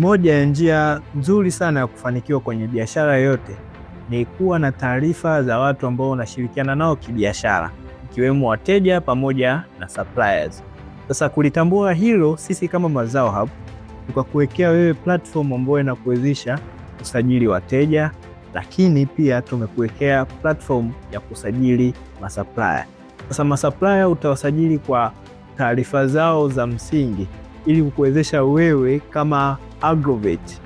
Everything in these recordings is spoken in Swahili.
Moja ya njia nzuri sana ya kufanikiwa kwenye biashara yoyote ni kuwa na taarifa za watu ambao unashirikiana nao kibiashara, ikiwemo wateja pamoja na suppliers. Sasa kulitambua hilo, sisi kama Mazao Hub tukakuwekea wewe platform ambayo inakuwezesha kusajili wateja, lakini pia tumekuwekea platform ya kusajili masupplier. Sasa masupplier utawasajili kwa taarifa zao za msingi ili kukuwezesha wewe kama agrovate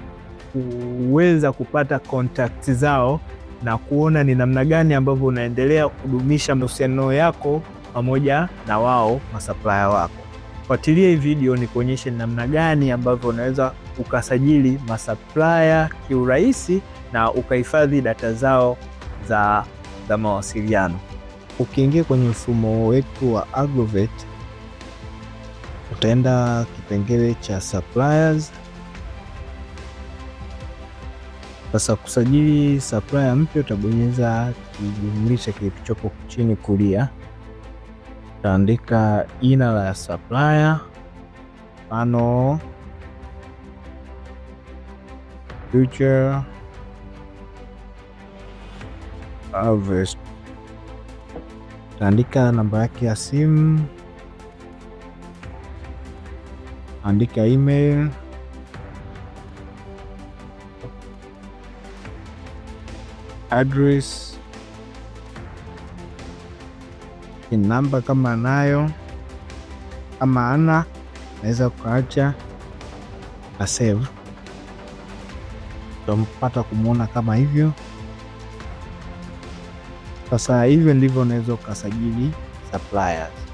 kuweza kupata kontakti zao na kuona ni namna gani ambavyo unaendelea kudumisha mahusiano yako pamoja na wao masaplaya wako. Fuatilia hii video kuonyeshe ni namna gani ambavyo unaweza ukasajili masaplaya kiurahisi na ukahifadhi data zao za, za mawasiliano. Ukiingia kwenye mfumo wetu wa Agrovet utaenda kipengele cha suppliers. Sasa kusajili supplier mpya utabonyeza kijumlisha kilichopo chini kulia, utaandika jina la supplier, mfano Future Harvest, utaandika namba yake ya simu andika email address namba kama nayo, kama ana naweza kuacha na save, utampata kumwona kama hivyo. Sasa hivyo ndivyo unaweza ukasajili suppliers.